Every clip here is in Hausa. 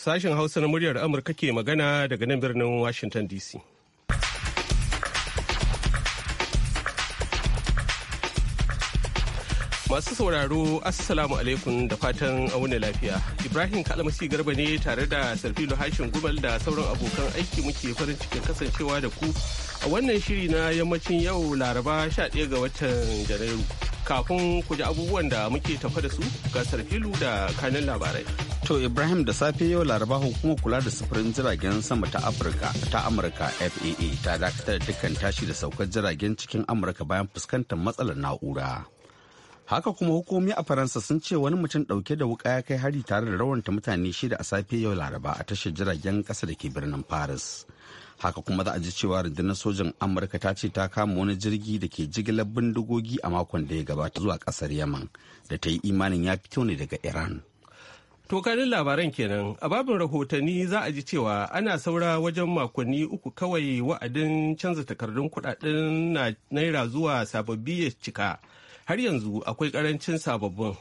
Sashen Hausa na muryar Amurka ke magana daga nan birnin Washington DC. Masu sauraro Assalamu alaikum da fatan auna lafiya. Ibrahim Kalmasi Garba ne tare da Sarfilo Hashin Gumal da sauran abokan aiki muke farin cikin kasancewa da ku a wannan shiri na yammacin yau Laraba 11 ga watan Janairu. kafin ku ji abubuwan da muke tafa da su ga filu da kanin labarai. To Ibrahim da safe yau laraba hukumar kula da sufurin jiragen sama ta Afirka ta Amurka FAA ta dakatar da dukkan tashi da saukar jiragen cikin Amurka bayan fuskantar matsalar na'ura. Haka kuma hukumomi a Faransa sun ce wani mutum dauke da wuka ya kai hari tare da rawanta mutane shida a safe yau laraba a tashar jiragen kasa da ke birnin Paris. haka kuma za a ji cewa rundunar sojan amurka ta ce ta kama wani jirgi da ke jigilar bindigogi a makon da ya gabata zuwa kasar yaman da ta yi imanin ya fito ne daga iran to kanin labaran kenan a babin rahotanni za a ji cewa ana saura wajen makonni uku kawai wa'adin canza takardun kudaden naira zuwa sababbi ya cika har yanzu akwai karancin sababbin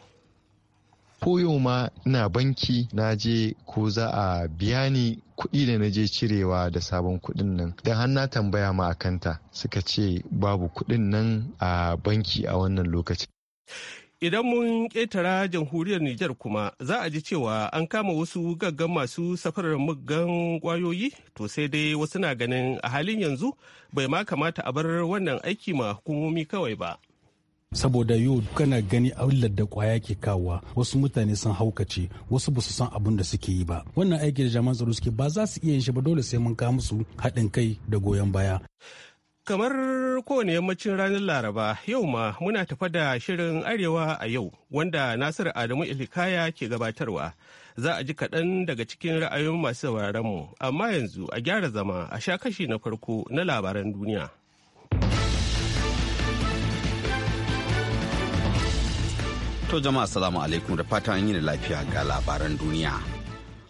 koyo ma na banki na je ko za a biya ni kuɗi da na je cirewa da sabon kuɗin nan don har na tambaya ma akanta suka ce babu kuɗin nan a banki a wannan lokaci Idan mun ƙetara jamhuriyar Nijar kuma za a ji cewa an kama wasu gaggan masu safarar muggan ƙwayoyi to sai dai wasu na ganin a halin yanzu bai ma kamata a bar wannan aiki ma hukumomi kawai ba. saboda yau kana gani illar da kwaya ke kawowa wasu mutane sun haukace wasu basu san abun da suke yi ba wannan aiki da jami'an tsaro suke ba za su iya yin shi ba dole sai mun kawo musu haɗin kai da goyon baya kamar kowane yammacin ranar laraba yau ma muna tafa da shirin arewa a yau wanda nasiru adamu ilikaya ke gabatarwa za a ji kaɗan daga cikin ra'ayoyin masu mu amma yanzu a gyara zama a sha kashi na farko na labaran duniya To jama'a salamu alaikum da fatan yi da lafiya ga labaran duniya.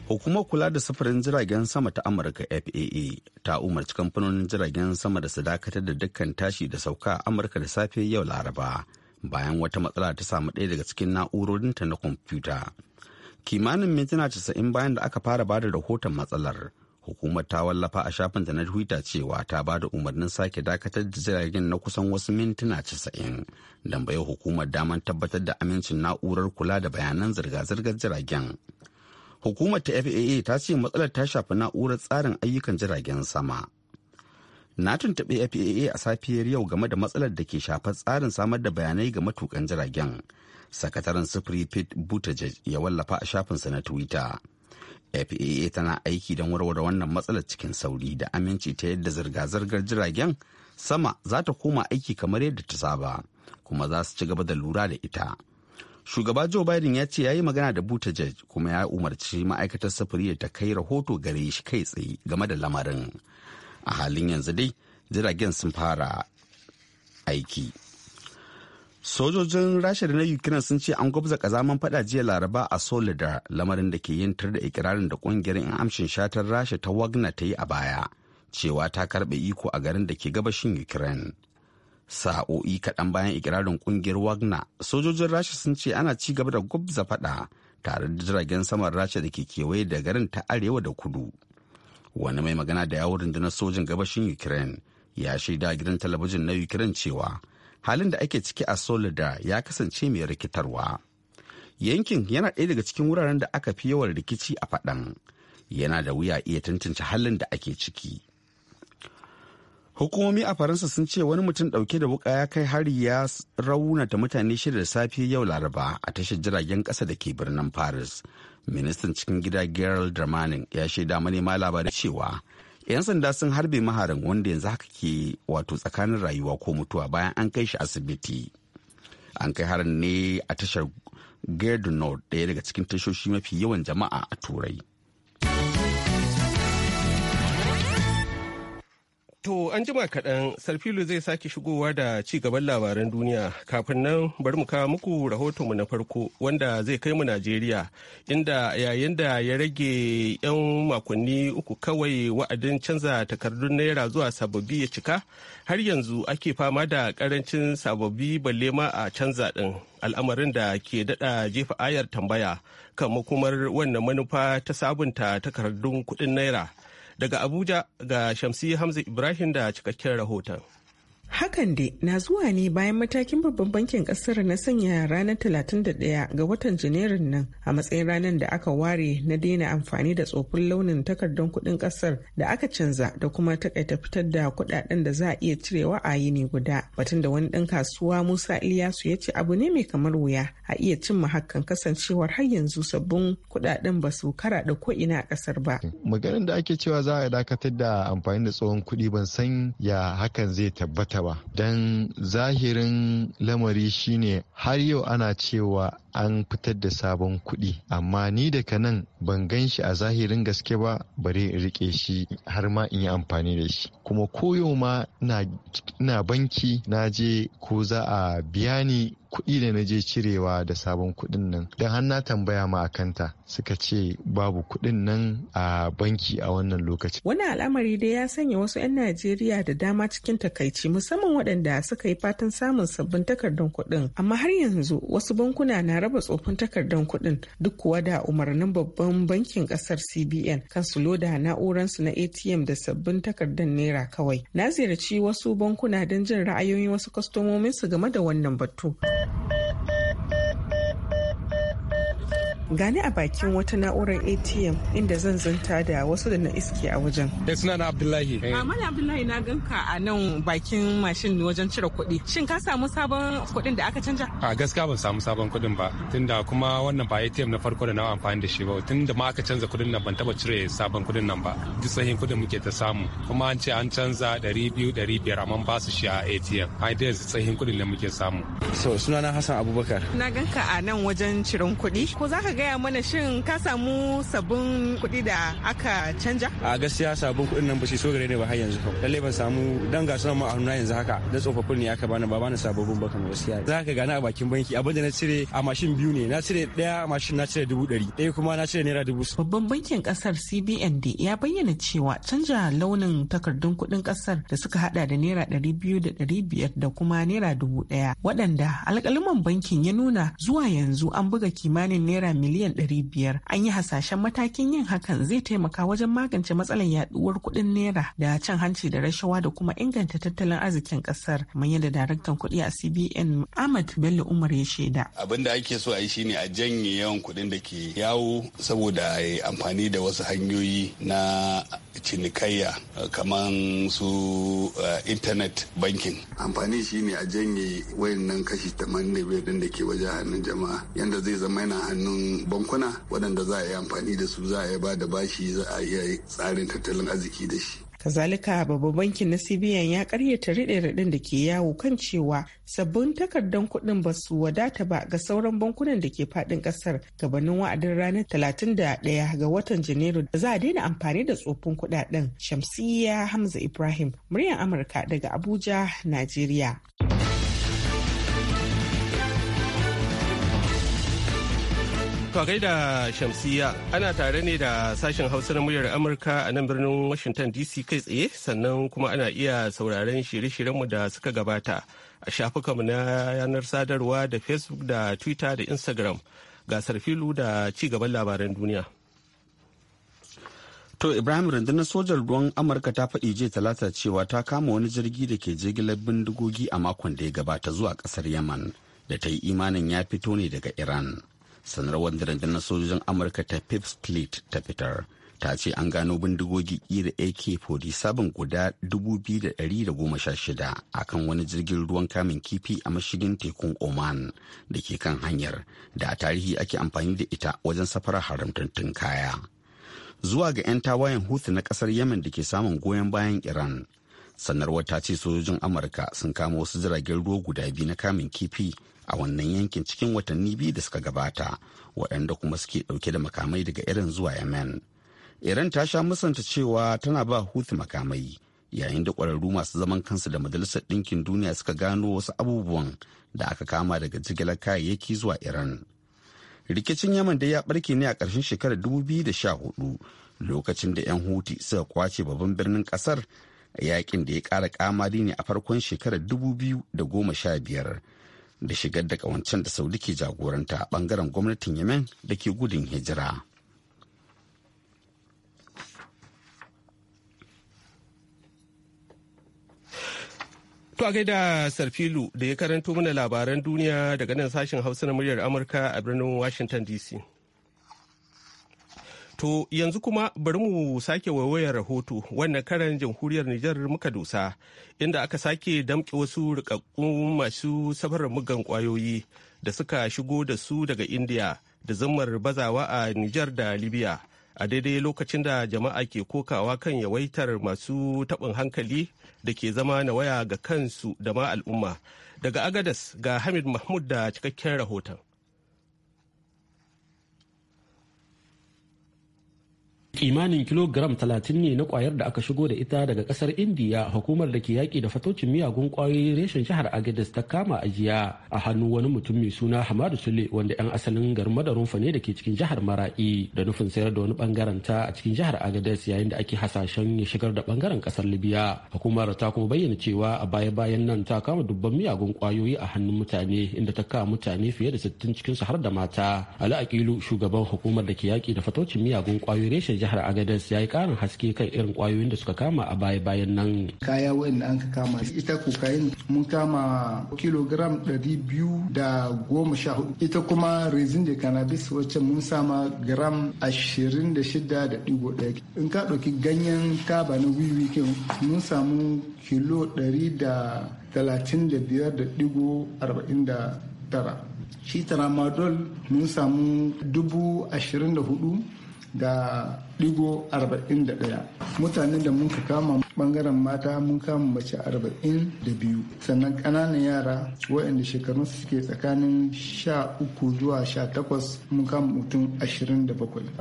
Hukumar kula da sufurin jiragen sama ta Amurka FAA ta umarci kamfanonin jiragen sama da su dakatar da dukkan tashi da sauka a Amurka da safe yau Laraba bayan wata matsala ta samu ɗaya daga cikin na'urorinta na kwamfuta. Kimanin mintuna casa'in bayan da aka fara bada rahoton matsalar hukumar ta wallafa a shafinta na twitter cewa ta ba da umarnin sake dakatar da jiragen na kusan wasu mintuna casa'in don baiwa hukumar damar tabbatar da amincin na'urar kula da bayanan zirga-zirgar jiragen hukumar ta faa ta ce matsalar ta shafi na'urar tsarin ayyukan jiragen sama na tuntuɓi faa a safiyar yau game da matsalar da ke shafar tsarin samar da bayanai ga matukan jiragen sakataren sufuri pete buttigieg ya wallafa a shafinsa na twitter FAA tana aiki don warware wannan matsalar cikin sauri da aminci ta yadda zirga-zirgar jiragen sama za ta koma aiki kamar yadda ta saba kuma za su ci gaba da lura da ita. Shugaba Joe Biden ya ce ya yi magana da Buttigieg kuma ya umarci ma'aikatar sufuri da ta kai rahoto gare shi kai tsaye game da lamarin. A halin yanzu dai jiragen sun fara aiki. sojojin rasha da na ukraine sun ce an gwabza kazaman faɗa jiya laraba a solidar lamarin da ke yin tar da ikirarin da ƙungiyar in amshin shatar rasha ta wagner ta yi a baya cewa ta karbe iko a garin da ke gabashin ukraine sa'o'i kaɗan bayan ikirarin ƙungiyar wagner sojojin rasha sun ce ana ci gaba da gwabza faɗa. tare da jiragen saman rasha da ke kewaye da garin ta arewa da kudu wani mai magana da yawon rundunar sojin gabashin ukraine ya shaida gidan talabijin na ukraine cewa halin da ake ciki a solida ya kasance mai rikitarwa yankin yana ɗaya daga cikin wuraren da aka fi yawan rikici a faɗan yana da wuya iya tantance halin da ake ciki hukumomi a faransa sun ce wani mutum ɗauke da wuƙa ya kai hari ya raunata mutane shida da safe yau laraba a tashar jiragen ƙasa da ke birnin paris ministan cikin gida gerald dramanin ya shaida manema labarai cewa 'yan sanda sun harbe maharin wanda yanzu haka ke wato tsakanin rayuwa ko mutuwa bayan an kai shi asibiti an kai harin ne a tashar gerd north daya daga cikin tashoshi mafi yawan jama'a a turai To an jima kaɗan Sarfilu zai sake shigowa da ci gaban labaran duniya kafin nan bari mu kawo muku rahotonmu na farko wanda zai kai mu Najeriya inda yayin da ya rage 'yan makonni uku kawai wa'adin canza takardun naira zuwa sababbi ya cika har yanzu ake fama da karancin sababbi balle ma a canza ɗin al'amarin da ke daɗa jefa ayar tambaya kan makomar wannan manufa ta sabunta takardun kuɗin naira. Daga Abuja ga Shamsi Hamza Ibrahim da cikakken rahoton. Hakan dai na zuwa ne bayan matakin babban bankin kasar na sanya ranar 31 ga watan Janairun nan a matsayin ranar da aka ware na daina amfani da tsofin launin takardar kuɗin kasar da aka canza da kuma takaita fitar da kuɗaɗen da za a iya cirewa a yini guda. Batun da wani dan kasuwa Musa Iliyasu ya ce abu ne mai kamar wuya a iya cimma hakan kasancewar har yanzu sabbin kuɗaɗen ba su da ko ina a kasar ba. Maganin da ake cewa za a dakatar da amfani da tsohon kuɗi ban san ya hakan zai tabbata ba don zahirin lamari shine har yau ana cewa an fitar da sabon kuɗi amma ni daga nan ban gan shi a zahirin gaske ba bare in rike shi har ma in yi amfani da shi kuma koyo ma na banki na je ko za a biya ni kuɗi da na je cirewa da sabon kuɗin nan don har na tambaya ma a kanta suka ce babu kuɗin nan a banki a wannan lokaci. wani al'amari dai ya sanya wasu 'yan najeriya da dama cikin takaici musamman waɗanda suka yi fatan samun sabbin takardun kuɗin amma har yanzu wasu bankuna na raba tsofin takardar kuɗin duk kuwa da umarnin babban bankin ƙasar CBN kan su loda na'uransu na ATM da sabbin takardar naira kawai. Na ziyarci wasu bankuna don jin ra'ayoyin wasu kwastomominsu game da wannan batu. gani a bakin wata na'urar atm inda zan zanta da wasu da na iske a wajen da eh, suna na abdullahi eh. na abdullahi na ganka a nan bakin mashin wajen cire kuɗi shin ka samu sabon kuɗin da aka canja a gaskiya ban samu sabon kuɗin ba tunda kuma wannan ba atm na farko da na amfani da shi ba tunda ma aka canza kuɗin nan ban taba cire sabon kuɗin nan ba duk sahin kuɗin muke ta samu kuma an ce an canza 200 500 amma ba su shi a atm ai da yanzu tsahin kuɗin da muke samu so sunana hassan abubakar na ganka a nan wajen cirin kuɗi ko za ka gaya mana shin ka samu sabon kuɗi da aka canja? A gaskiya sabon kuɗin nan ba shi so gare ne ba har yanzu. kawai. Lallai ban samu dan ga sunan ma a hannuna yanzu haka. Da tsofaffin ne aka bani ba bani sababbin ba kamar gaskiya. Za ka gana a bakin banki abin da na cire a mashin biyu ne. Na cire ɗaya a mashin na cire dubu ɗari. Ɗaya kuma na cire naira dubu. Babban bankin ƙasar CBN da ya bayyana cewa canja launin takardun kuɗin ƙasar da suka hada da naira ɗari biyu da ɗari biyar da kuma naira dubu ɗaya waɗanda alƙaluman bankin ya nuna zuwa yanzu an buga kimanin naira miliyan miliyan 500 an yi hasashen matakin yin hakan zai taimaka wajen magance matsalar yaduwar kuɗin naira da cin hanci da rashawa da kuma inganta tattalin arzikin ƙasar kamar yadda daraktan kuɗi a cbn ahmad bello umar ya shaida abin da ake so a yi shine a janye yawan kuɗin da ke yawo saboda a yi amfani da wasu hanyoyi na cinikayya eh, kamar su eh, internet banking amfani shine a janye wayannan kashi 85 da ke wajen hannun jama'a yanda zai zama yana hannun bankuna waɗanda za a yi amfani da su za a yi ba da bashi za a iya tsarin tattalin arziki da shi kazalika babban bankin na cbn ya karyata riɗe-riɗen da ke yawo kan cewa sabbin takardar kuɗin ba su wadata ba ga sauran bankunan da ke faɗin ƙasar gabanin wa'adin ranar talatin da ɗaya ga watan janairu da za a daina amfani da tsofin kuɗaɗen shamsiyya hamza ibrahim muryar amurka daga abuja najeriya To da Shamsiya ana tare ne da sashen Hausa na muryar Amurka a nan birnin Washington DC kai tsaye sannan kuma ana iya sauraren shirye-shiryenmu da suka gabata a shafukanmu na yanar sadarwa da Facebook da Twitter da Instagram gasar filu da ci gaban labaran duniya. To Ibrahim rundunar sojan ruwan Amurka ta faɗi jiya talata cewa ta kama wani jirgi da ke jigilar bindigogi a makon da ya gabata zuwa ƙasar Yaman da ta yi imanin ya fito ne daga Iran. sanarwar da rundunar sojojin amurka ta fifth fleet ta fitar ta ce an gano bindigogi kira ak-47 guda 2,116 a kan wani jirgin ruwan kamun kifi a mashigin tekun oman da ke kan hanyar da a tarihi ake amfani da ita wajen safarar haramtattun kaya zuwa ga 'yan tawayen hutu na kasar yemen da ke samun goyon bayan iran sanarwar ta ce sojojin amurka sun kama wasu jiragen ruwa guda biyu na kamun kifi a wannan yankin cikin watanni biyu da suka gabata waɗanda kuma suke ɗauke da makamai daga irin zuwa yemen iran ta sha musanta cewa tana ba hutu makamai yayin da ƙwararru masu zaman kansu da majalisar ɗinkin duniya suka gano wasu abubuwan da aka kama daga jigilar kayayyaki zuwa iran rikicin yaman da ya ɓarke ne a ƙarshen shekarar 2014 lokacin da 'yan huti suka kwace babban birnin ƙasar yakin da ya ƙara kamari ne a farkon shekarar 2015 da shigar da kawancen da saudi ke jagoranta a bangaren gwamnatin yamen da ke gudun hijira To a gaida Sarfilu da ya karanto mana labaran duniya daga nan sashen Hausa na muryar Amurka a birnin Washington DC. To yanzu kuma bari mu sake waiwayar rahoto wannan karan jamhuriyar Nijar muka dosa inda aka sake damƙe wasu rikakkun masu safar mugan ƙwayoyi da suka shigo da su daga India da zammar bazawa a Nijar da Libya a daidai lokacin da jama'a ke kokawa kan yawaitar masu taɓin hankali da ke zama na waya ga kansu da ma al'umma. Daga Agadas ga Hamid Mahmud da cikakken rahoton. kimanin kilogram 30 ne na kwayar da aka shigo da ita daga kasar indiya hukumar da ke yaƙi da fatocin miyagun kwayoyin reshen jihar agadez ta kama ajiya a hannu wani mutum mai suna hamadu sule wanda yan asalin garin madarunfa ne da ke cikin jihar mara'i da nufin sayar da wani bangaren ta a cikin jihar agadez yayin da ake hasashen ya shigar da bangaren kasar libya hukumar ta kuma bayyana cewa a baya bayan nan ta kama dubban miyagun kwayoyi a hannun mutane inda ta kama mutane fiye da 60 su har da mata ali shugaban hukumar da ke yaƙi da fatocin miyagun kwayoyin reshen jihar jihar agadez ya yi karin haske kan irin kwayoyin da suka kama a baya bayan nan kaya wayan an ka kama ita kokain mun kama kilogram ɗari biyu da goma sha hudu ita kuma resin da cannabis wacce mun sama gram ashirin da shida da ɗigo ɗaya in ka ɗauki ganyen taba na wiwi mun samu kilo ɗari da talatin da biyar da ɗigo arba'in da tara shi tramadol mun samu dubu ashirin da hudu da digo arba'in da ɗaya mutanen da muka kama bangaren mata mun kama mace arba'in da biyu sannan ƙananan yara waɗanda shekarun suke tsakanin sha uku zuwa sha takwas mun kama mutum ashirin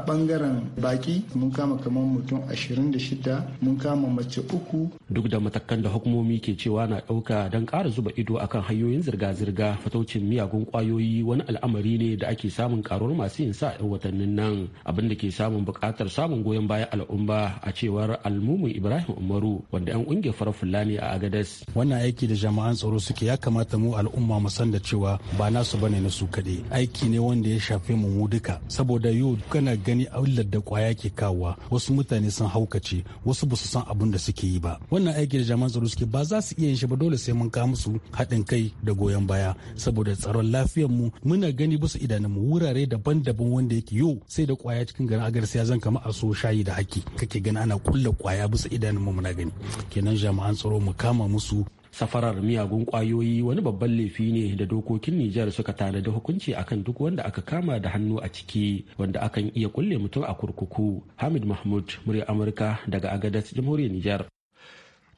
bangaren baki mun kama kamar mutum ashirin shida mun kama mace uku duk da matakan da hukumomi ke cewa na ɗauka don ƙara zuba ido a kan hanyoyin zirga-zirga fataucin miyagun ƙwayoyi wani al'amari ne da ake samun karuwar masu yin sa 'yan watannin nan abinda ke samun bukatar samun samun goyon bayan al'umma a cewar almumin ibrahim umaru wanda yan kungiyar farar fulani a agadas wannan aiki da jama'an tsaro suke ya kamata mu al'umma mu san da cewa ba nasu bane na su kaɗai aiki ne wanda ya shafe mu mu duka saboda yau kana gani illar da kwaya ke kawowa wasu mutane sun haukace wasu ba su san abin da suke yi ba wannan aiki da jama'an tsaro suke ba za su iya yin shi ba dole sai mun kawo musu haɗin kai da goyon baya saboda tsaron lafiyar mu muna gani bisa idanun mu wurare daban-daban wanda yake yau sai da kwaya cikin garin agarsiya zan kama a kaso shayi da haki kake gani ana kulle kwaya bisa mu muna gani kenan jami'an tsaro mu kama musu safarar miyagun kwayoyi wani babban laifi ne da dokokin Nijar suka tanada hukunci akan duk wanda aka kama da hannu a ciki wanda akan iya kulle mutum a kurkuku. Hamid Mahmud, murya Amurka daga Agadas, Jamhuriyar Nijar.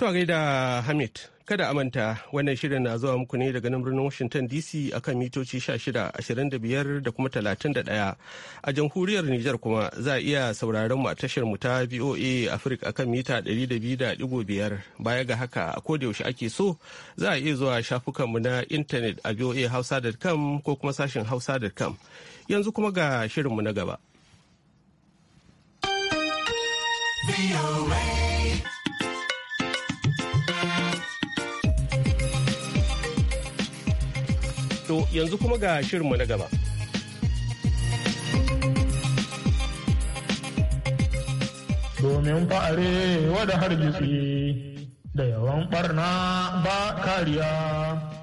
To a gaida Hamid, kada a manta wannan shirin na zuwa muku ne daga nan birnin Washington DC akan mitoci 16, 25 da kuma 31. A jamhuriyar Nijar kuma za a iya sauraron mu a tashar mu ta VOA Africa akan mita 200.5. Baya ga haka a yaushe ake so za a iya zuwa shafukan mu na intanet a voahausa.com ko kuma sashin hausa.com. Yanzu kuma ga shirin mu na gaba. To yanzu kuma ga shirinmu na gaba. Domin fa'are wada hargitsi da yawan ɓarna ba kariya.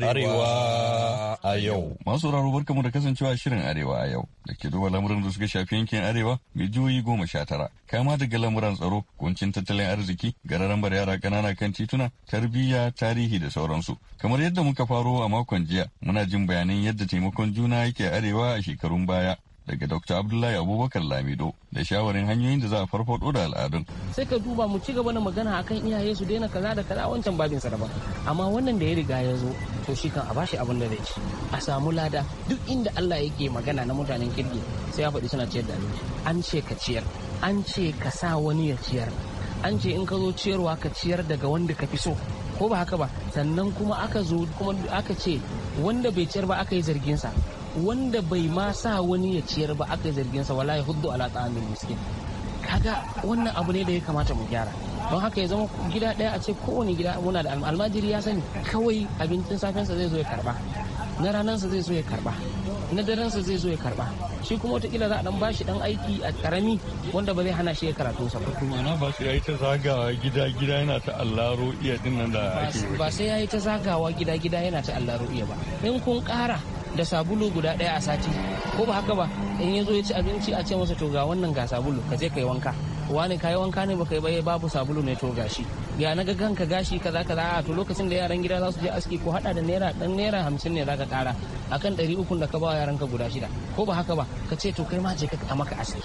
Arewa a yau. Masu raro barkamu da kasancewa shirin Arewa a yau da ke duba lamuran da suka shafi yankin Arewa mai jihohi goma sha tara. Kama daga lamuran tsaro, kuncin tattalin arziki, gararan bar yara ƙanana kan tituna, tarbiyya, tarihi da sauransu. Kamar yadda muka faro a makon jiya, muna jin bayanan yadda taimakon juna yake Arewa a shekarun baya daga Dr. Abdullahi Abubakar Lamido da shawarin hanyoyin da za a farfado da al'adun. Sai ka duba mu ci gaba da magana akan iyaye su daina kaza da kaza wancan babin sa daban. Amma wannan da ya riga ya zo to shi kan a bashi abin da zai ci. A samu lada duk inda Allah yake magana na mutanen kirki sai ya faɗi suna ciyar da abinci. An ce ka ciyar, an ce ka sa wani ya ciyar, an ce in ka zo ciyarwa ka ciyar daga wanda ka fi so. Ko ba haka ba sannan kuma aka zo kuma aka ce wanda bai ciyar ba aka yi zargin sa wanda bai ma sa wani ya ciyar ba aka zargin sa wala ya huddu ala ta'amil miskin kaga wannan abu ne da ya kamata mu gyara don haka ya zama gida daya a ce kowane gida muna da almajiri ya sani kawai abincin safensa zai zo ya karba na ranansa zai zo ya karba na sa zai zo ya karba shi kuma wataƙila za a dan bashi dan aiki a karami wanda ba zai hana shi ya karatu sa kuma na ba sai yayi ta zagawa gida gida yana ta Allah iya din nan da ake ba sai yayi ta zagawa gida gida yana ta Allah iya ba in kun kara da sabulu guda ɗaya a sati ko ba haka ba in ya zo ya ci abinci a ce masa to ga wannan ga sabulu ka je ka yi wanka wane kayi wanka ne baka yi eh, babu sabulu ne to gashi ya na ga kanka gashi kaza kaza a to lokacin da yaran gida za su je aski ko hada da naira dan naira hamsin ne zaka kara akan ɗari ukun da ka ba yaran ka guda shida ko ba haka ba ka ce to kai ma je ka a maka aski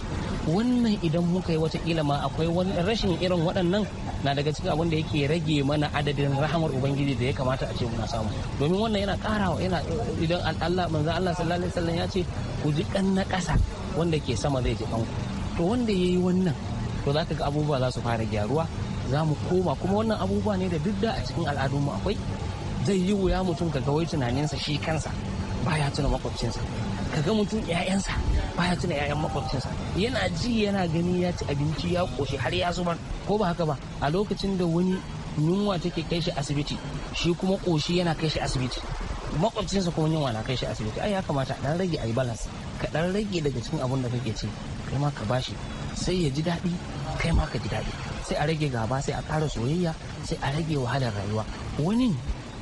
wannan idan muka yi watakila ma akwai wani rashin irin waɗannan na daga cikin abin da yake rage mana adadin rahamar ubangiji da ya kamata a ce muna samu domin wannan yana karawa yana eh, idan Allah manzo Allah sallallahu alaihi wasallam ya ce ku ji kan na ƙasa wanda ke sama zai ji kanku to wanda yayi wannan to za ka ga abubuwa za su fara gyaruwa za mu koma kuma wannan abubuwa ne da duk da a cikin al'adunmu akwai zai yi wuya mutum ka ga wai tunaninsa shi kansa baya tuna makwabcinsa ka ga mutum 'ya'yansa baya tuna 'ya'yan makwabcinsa yana ji yana gani ya ci abinci ya koshi har ya zubar ko ba haka ba a lokacin da wani yunwa take kai shi asibiti shi kuma koshi yana kai shi asibiti makwabcinsa kuma yunwa na kai shi asibiti ai ya kamata dan rage ayi balance ka dan rage daga cikin abun da kake ci kai ma ka bashi sai ya ji daɗi kai ma ka ji daɗi sai a rage gaba sai a ƙara soyayya sai a rage wahalar rayuwa wani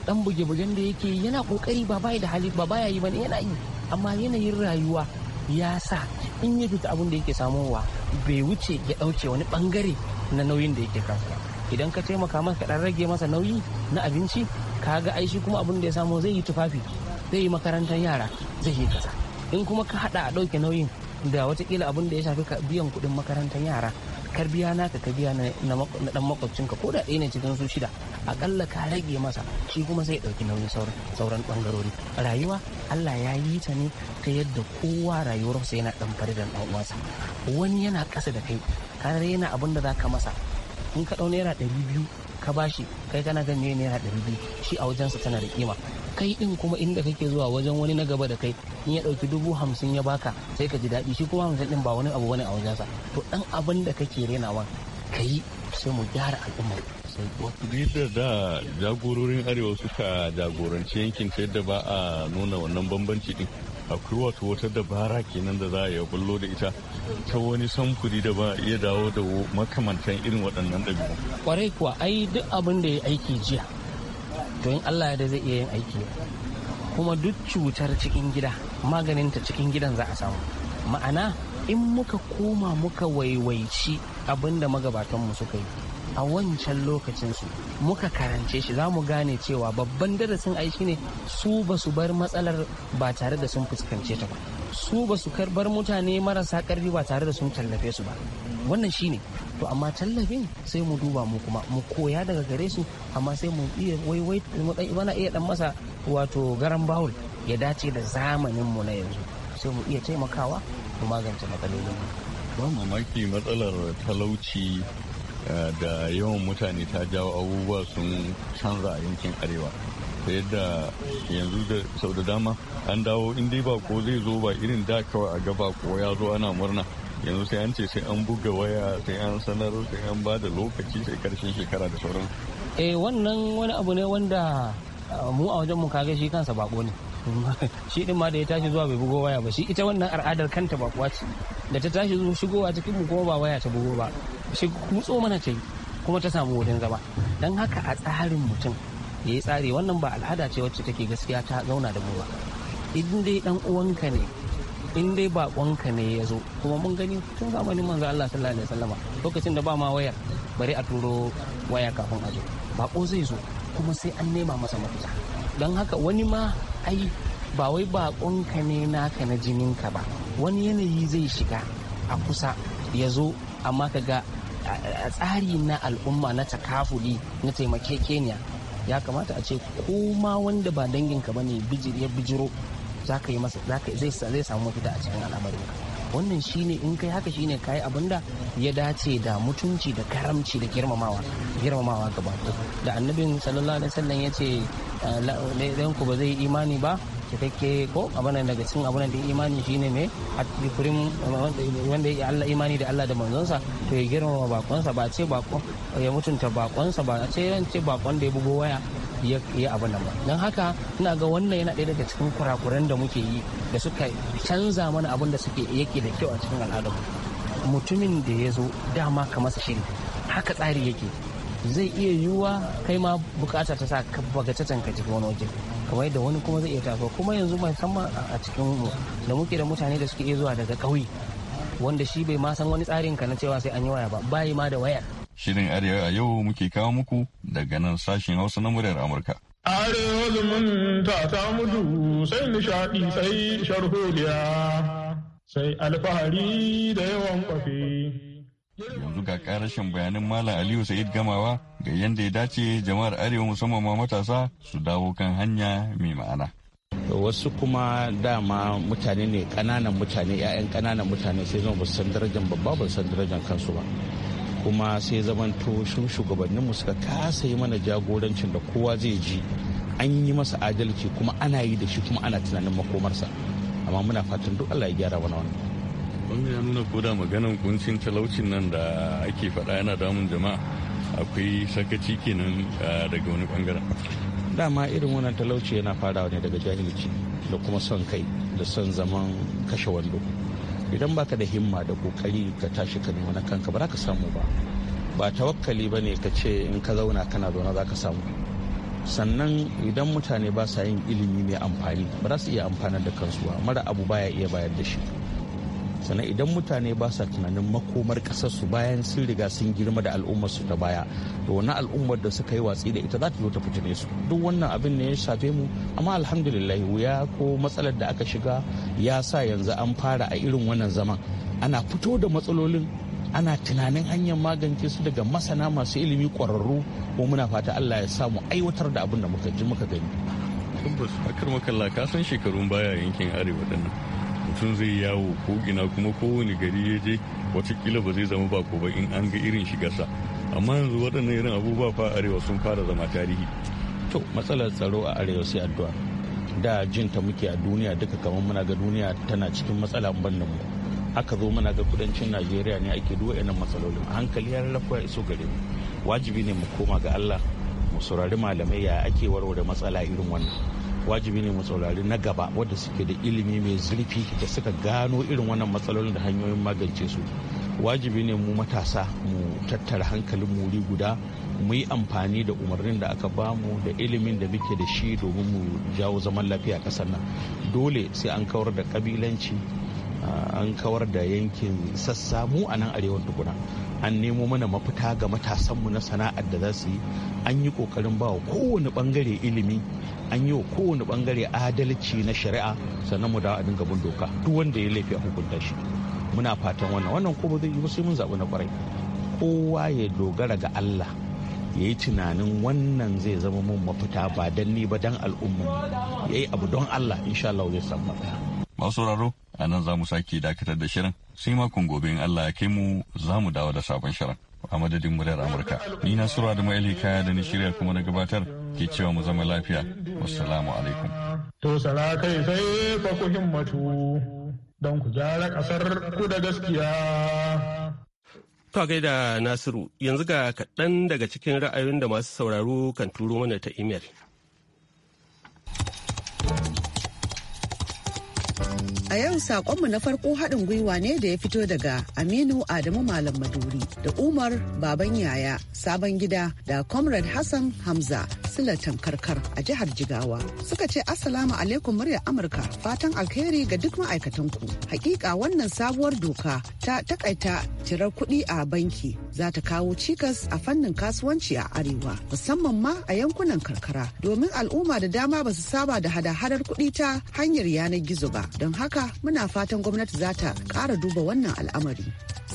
dan buge-bugen da yake yana kokari ba bai da hali ba baya yi bane yana yi amma yanayin rayuwa ya sa in ya fita abin da yake samowa bai wuce ya ɗauke wani bangare na nauyin da yake kansa idan ka taimaka masa ka ɗan rage masa nauyi na abinci ka ga aishi kuma abin da ya samu zai yi tufafi zai yi makarantar yara zai yi kasa in kuma ka haɗa a ɗauke nauyin da watakila abin da ya shafi biyan kuɗin makarantar yara kar biya naka ka biya na dan makwabcinka ko da ɗaya ne cikin su shida akalla ka rage masa shi kuma sai ɗauki nauyin sauran ɓangarori rayuwa Allah ya yi ta ne ta yadda kowa rayuwarsa yana ɗan fari da ɗan uwansa wani yana ƙasa da kai ka raina abin da za ka masa in ka ɗau naira ɗari biyu ka bashi kai kana gan naira ɗari biyu shi a wajen wajensa tana da kima kai din kuma inda kake zuwa wajen wani na gaba da kai in ya dauki dubu hamsin ya baka sai ka ji daɗi shi kuma hamsin din ba wani abu bane a wajensa to dan abin da kake renawa ka yi sai mu gyara al'ummar wato da jagororin arewa suka jagoranci yankin ta yadda ba a nuna wannan bambanci din akwai wato wata dabara kenan da za a yi da ita ta wani samfuri da ba iya dawo da makamantan irin waɗannan ɗabi'u kwarai kuwa ai duk abin da ya aiki jiya to in Allah ya da zai iya yin aiki kuma duk cutar cikin gida maganinta cikin gidan za a samu ma'ana in muka koma muka waiwaici abin da magabatanmu suka yi a wancan lokacinsu muka karance shi za mu gane cewa babban darasin aiki ne su ba su bar matsalar ba tare da sun fuskance ta ba su ba su karbar mutane marasa karfi ba tare da sun tallafe su ba wannan shine to amma tallafin sai mu duba mu kuma mu koya daga gare su amma sai mu iya waiwai mana iya dan masa wato garan bawul ya dace da zamanin mu na yanzu sai mu iya taimakawa mu magance matsalolin ba mamaki matsalar talauci eh, da yawan mutane ta jawo abubuwa sun canza a yankin arewa ta yadda yanzu da sau da dama an dawo in dai ko zai zo ba irin da kawai a gaba ko ya zo ana murna yanzu sai an ce sai an buga waya sai an sanar sai an ba da lokaci sai karshen shekara da sauran eh wannan wani abu ne wanda ah, mu a wajen mu kage shi kansa bako ne shi din ma da ya tashi zuwa bai bugo waya ba shi ita wannan al'adar kanta bakuwa ce da ta tashi zuwa shigowa cikin mu kuma ba waya ta bugo ba shi kutso mana ta yi kuma ta samu wurin zama don haka a tsarin mutum ya yi tsari wannan ba al'ada ce wacce take gaskiya ta zauna da mu ba in dai dan uwanka ne in dai baƙonka ne ya zo kuma mun gani tun zamanin manzo Allah sallallahu alaihi wasallama lokacin da ba ma wayar bari a turo waya kafin a zo baƙo zai zo kuma sai an nema masa mafita don haka wani ma ai ba wai baƙonka ne naka na jinin ka ba wani yanayi zai shiga a kusa ya zo amma ka ga a tsari na al'umma na takafuli na taimakekeniya ya kamata a ce ko ma wanda ba danginka ba ne ya bijiro za ka yi masa za ka zai samu mafita a cikin al'amarin ka wannan shine in kai haka shine kai abin da ya dace da mutunci da karamci da girmamawa girmamawa gaba da annabin sallallahu alaihi wasallam ya ce ah, ɗayan ku ba zai imani ba kake ko abin daga cikin abin da imani shine mai hakirin wanda ya Allah imani da Allah da manzonsa to ya girmama bakonsa ba ce bakon ya mutunta bakonsa ba ce ce bakon da ya bugo waya ya abin nan ba don haka ina ga wannan yana ɗaya daga cikin kurakuran da muke yi da suka canza mana abun da suke yake da kyau a cikin al'adu mutumin da ya zo dama ka masa shiri haka tsari yake zai iya yiwuwa kai ma bukata ta sa ka bagatatan ka cikin wani waje kamar da wani kuma zai iya tafiya kuma yanzu sama a cikin da muke da mutane da suke iya zuwa daga kauye. wanda shi bai ma san wani tsarin ka na cewa sai an yi waya ba bayi ma da wayar Shirin Arewa a yau muke kawo muku daga nan sashen Hausa na muryar Amurka. Arewa zumunta ta mudu sai nishaɗi sai sharholiya sai alfahari da yawan kwafi. yanzu ga karashin bayanin malam aliyu sa'id gamawa ga yadda ya dace jama'ar arewa musamman ma matasa su dawo kan hanya mai ma'ana wasu kuma dama mutane ne kananan mutane 'ya'yan ƙananan mutane sai zama ba san darajar babba ba san darajar kansu ba kuma sai zamanto shun shugabanninmu suka kasa yi mana jagorancin da kowa zai ji an yi masa adalci kuma ana yi da shi kuma ana tunanin makomarsa amma muna fatan duk allah ya gyara mana wannan wannan ya nuna koda maganan kuncin talaucin nan da ake faɗa yana damun jama'a akwai sakaci kenan ah, daga wani bangaren dama irin wannan talauci yana farawa ne daga jahilci da kuma son kai da son zaman kashe wando idan baka da himma da kokari ka tashi ka nuna na kanka ba za ka samu ba ba tawakkali ba ne ka ce in ka zauna kana zauna za ka samu sannan idan mutane ba sa yin ilimi mai amfani ba za su iya amfanar da kansu ba mara abu baya iya bayar da shi sannan idan mutane ba sa tunanin makomar ƙasarsu bayan sun riga sun girma da su ta baya da wani al'ummar da suka yi watsi da ita za ta zo ta fitine su duk wannan abin ne ya shafe mu amma alhamdulillah wuya ko matsalar da aka shiga ya sa yanzu an fara a irin wannan zaman ana fito da matsalolin ana tunanin hanyar magance su daga masana masu ilimi kwararru ko muna fata Allah ya samu aiwatar da abin da muka ji muka gani. Tabbas, akar makalla ka san shekarun baya yankin arewa dinnan. mutum zai yawo ko gina kuma kowane gari ya je watakila ba zai zama ba ko ba in an ga irin shigarsa amma yanzu waɗannan irin abubuwa fa arewa sun fara zama tarihi to matsalar tsaro a arewa sai addu'a da jin ta muke a duniya duka kamar muna ga duniya tana cikin matsala banda mu aka zo muna ga kudancin najeriya ne ake duwa matsaloli matsalolin hankali ya rarrafa ya iso gare mu wajibi ne mu koma ga allah mu saurari malamai ya ake warware matsala irin wannan wajibi ne mu na gaba wadda suke da ilimi mai zurfi da suka gano irin wannan matsalolin da hanyoyin magance su wajibi ne mu matasa mu tattara hankalin muri guda mu yi amfani da umarnin da aka bamu da ilimin da muke da shi domin mu jawo zaman lafiya ƙasar nan dole sai an kawar da ƙabilanci Ah, an kawar da yankin sassa mu a nan arewa tukuna an nemo mana mafita ga matasanmu na sana'ar da za su yi an yi kokarin ba wa kowane bangare ilimi an yi wa kowane bangare adalci na shari'a sannan mu dawo a dinga bin doka duk wanda ya laifi a hukunta shi muna fatan wannan wannan ko ba zai yi ba sai mun zaɓi na kwarai kowa ya dogara ga Allah ya yi tunanin wannan zai zama mun mafita ba dan ni ba dan al'umma ya yi abu don Allah insha Allah zai samu mafita Masu sauraro a nan za mu sake dakatar da shirin sai makon gobe in Allah ya kai mu za mu dawo da sabon shirin. A madadin muryar Amurka, ni na Sura da Ma'ili Kaya da ni shirya kuma na gabatar ke cewa mu zama lafiya. Wassalamu alaikum. To sara sai fa ku himmatu don ku gyara ƙasar ku da gaskiya. To gaida Nasiru yanzu ga kaɗan daga cikin ra'ayoyin da masu sauraro kan turo mana ta imel. A yau sakonmu na farko haɗin gwiwa ne da ya fito daga Aminu Adamu Malam Maduri da Umar Baban Yaya Sabon Gida da Comrade Hassan Hamza Silatan Karkar a jihar Jigawa. Suka ce Assalamu alaikum murya Amurka fatan alheri ga duk ma'aikatanku. Hakika wannan sabuwar doka ta takaita cirar kuɗi a banki za ta kawo cikas a fannin kasuwanci a arewa musamman ma a yankunan karkara domin al'umma da dama ba su saba da hada-hadar kuɗi ta hanyar yanar gizo ba don haka haka muna fatan gwamnati za ta ƙara duba wannan al'amari.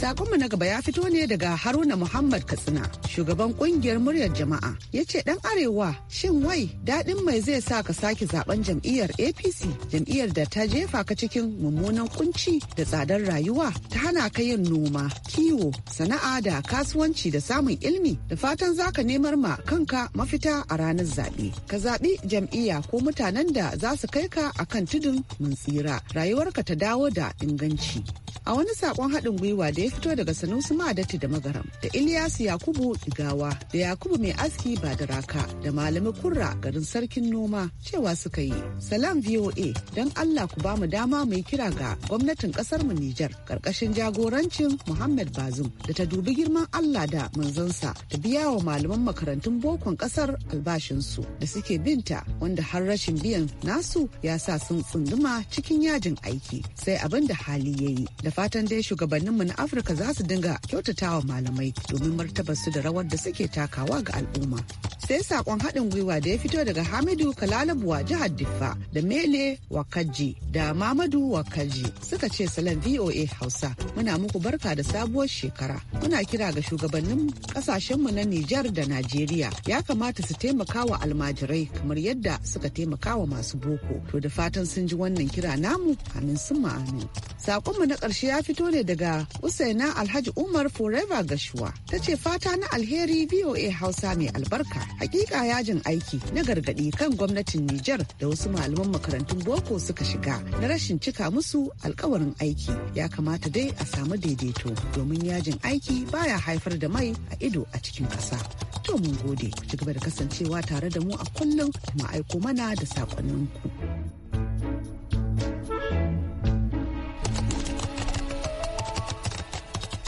Sakonmu na gaba ya fito ne daga Haruna Muhammad Katsina, shugaban kungiyar muryar jama'a. Ya ce ɗan arewa shin wai daɗin mai zai sa ka sake zaben jam'iyyar APC, jam'iyyar da ta jefa ka cikin mummunan kunci da tsadar rayuwa ta hana ka yin noma, kiwo, sana'a da kasuwanci da samun ilmi da fatan za ka nemar ma kanka mafita a ranar zaɓe. Ka zaɓi jam'iyya ko mutanen da za su kai ka a kan tudun mun tsira, rayuwarka ta dawo da inganci. A wani saƙon haɗin gwiwa da ya ya fito daga Sanusi Madatti da Magaram da Ilyasu Yakubu Igawa da Yakubu Mai Aski Badaraka da Malami Kurra garin Sarkin Noma cewa suka yi. Salam VOA don Allah ku ba mu dama mai kira ga gwamnatin kasar mu Nijar karkashin jagorancin Muhammad Bazum da ta dubi girman Allah da manzansa ta biya wa malaman makarantun bokon kasar albashinsu da suke binta wanda har rashin biyan nasu ya sa sun tsunduma cikin yajin aiki sai abin da hali ya yi da fatan dai shugabanninmu na Afirka amurka za su dinga kyautatawa malamai domin martabar su da rawar da suke takawa ga al'umma sai sakon haɗin gwiwa da ya fito daga hamidu kalalabuwa jihar diffa da mele wakaji da mamadu wakaji suka ce salon voa hausa muna muku barka da sabuwar shekara muna kira ga shugabannin kasashenmu na nijar da najeriya ya kamata su taimaka wa almajirai kamar yadda suka taimaka wa masu boko to da fatan sun ji wannan kira namu amin sun ma'amin sakonmu na ƙarshe ya fito ne daga usaina alhaji umar forever gashuwa ta ce fata na alheri voa hausa mai albarka hakika yajin aiki na gargadi kan gwamnatin Nijar da wasu malaman makarantun boko suka shiga na rashin cika musu alkawarin aiki ya kamata dai a samu daidaito domin yajin aiki baya haifar da mai a ido a cikin ƙasa. To mun gode ku ci gaba da kasancewa tare da mu a kullum kuma aiko mana da sakonninku.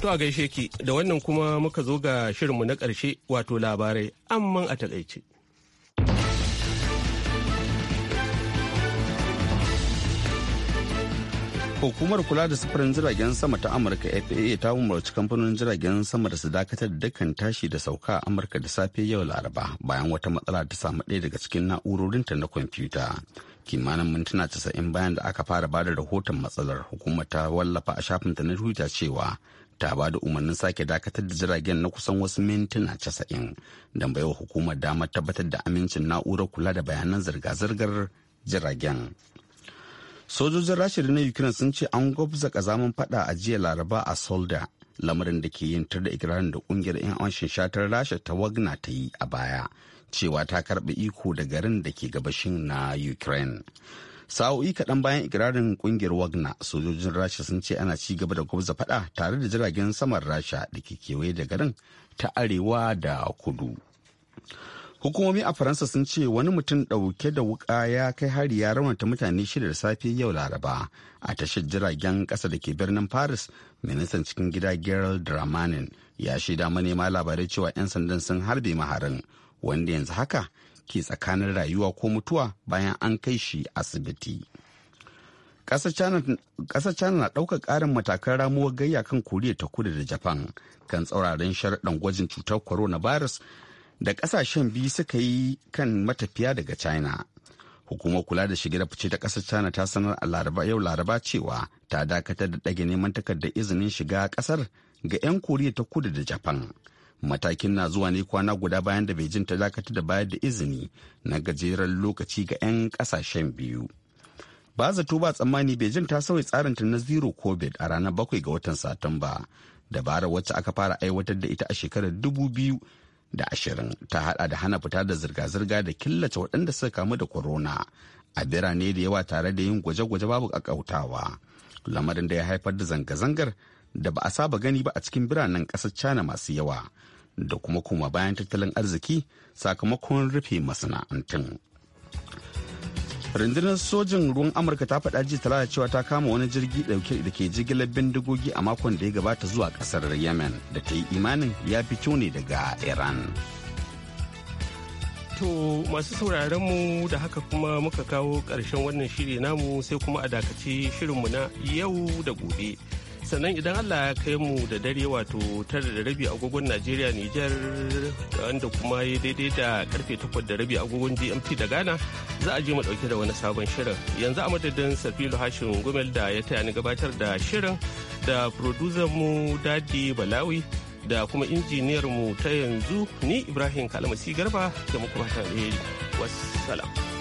To a gaishe ki da wannan kuma muka zo ga shirinmu na ƙarshe wato labarai amma a takaice. Hukumar kula da sufurin jiragen sama ta Amurka FAA ta umarci kamfanin jiragen sama da su dakatar da dukkan tashi da sauka a Amurka da safe yau Laraba bayan wata matsala ta samu ɗaya daga cikin na'urorinta na kwamfuta. Kimanin mintuna casa'in bayan da aka fara ba da rahoton matsalar hukumar ta wallafa a shafinta na Twitter cewa ta ba da umarnin sake dakatar da jiragen na kusan wasu mintuna casa'in don baiwa hukumar damar tabbatar da amincin na'urar kula da bayanan zirga-zirgar jiragen sojojin rasha na ukraine sun ce an gwabza kazamin fada a jiya laraba a solda lamarin da ke yin da ikirarin da kungiyar 'yan amshin shatar rasha ta wagna ta yi a baya cewa ta karbi iko da garin da ke gabashin na ukraine sa'o'i kaɗan bayan ikirarin ƙungiyar wagna sojojin rasha sun ce ana ci gaba da gwamza faɗa tare da jiragen saman rasha da ke kewaye da garin ta arewa da kudu hukumomi a faransa sun ce wani mutum ɗauke da wuƙa ya kai hari ya raunata mutane shida da safe yau laraba a tashar jiragen ƙasa da ke birnin paris ministan cikin gida gerald dramanin ya shaida manema labarai cewa 'yan sandan sun harbe maharin wanda yanzu haka ke tsakanin rayuwa ko mutuwa bayan an kai shi asibiti. Ƙasar China na ɗaukar ƙarin matakan ramuwar gayya kan Koriya ta kudu da Japan kan tsauraran sharaɗin gwajin cutar coronavirus da ƙasashen biyu suka yi kan matafiya daga China. Hukumar kula da shigar fice ta ƙasar China ta sanar a laraba yau laraba cewa ta dakatar da ɗage neman takardar izinin shiga ƙasar ga 'yan Koriya ta kudu da Japan. matakin na zuwa ne kwana guda bayan da beijing ta dakatar da bayar da izini na gajeren lokaci ga 'yan kasashen biyu ba zato ba tsammani beijing ta sauya tsarinta na zero covid a ranar bakwai ga watan satumba dabarar wacce aka fara aiwatar da ita a shekarar dubu biyu da ashirin ta hada da hana fita da zirga-zirga da killace waɗanda suka kamu da corona a birane da yawa tare da yin gwaje-gwaje babu ƙaƙautawa lamarin da ya haifar da zanga-zangar da ba a saba gani ba a cikin biranen ƙasar china masu yawa da kuma koma bayan tattalin arziki sakamakon rufe masana'antun. rundunar sojin ruwan amurka ta faɗa ji talata cewa ta kama wani jirgi ɗauke da ke jigilar bindigogi a makon da ya gabata zuwa ƙasar yemen da ta yi imanin ya fito ne daga iran to masu sauraron mu da haka kuma muka kawo ƙarshen wannan shiri namu sai kuma a dakaci shirinmu na yau da gobe. sannan idan allah ya kai mu da dare wato tara da rabi agogon najeriya Niger wanda kuma ya daidai da karfe takwas da rabi agogon gmt da ghana za a je mu dauke da wani sabon shirin yanzu a madadin safilu hashin gumel da ya taya ni gabatar da shirin da producer mu dadi balawi da kuma injiniyar mu ta yanzu ni ibrahim kalmasi garba da muku fatan alheri wassalam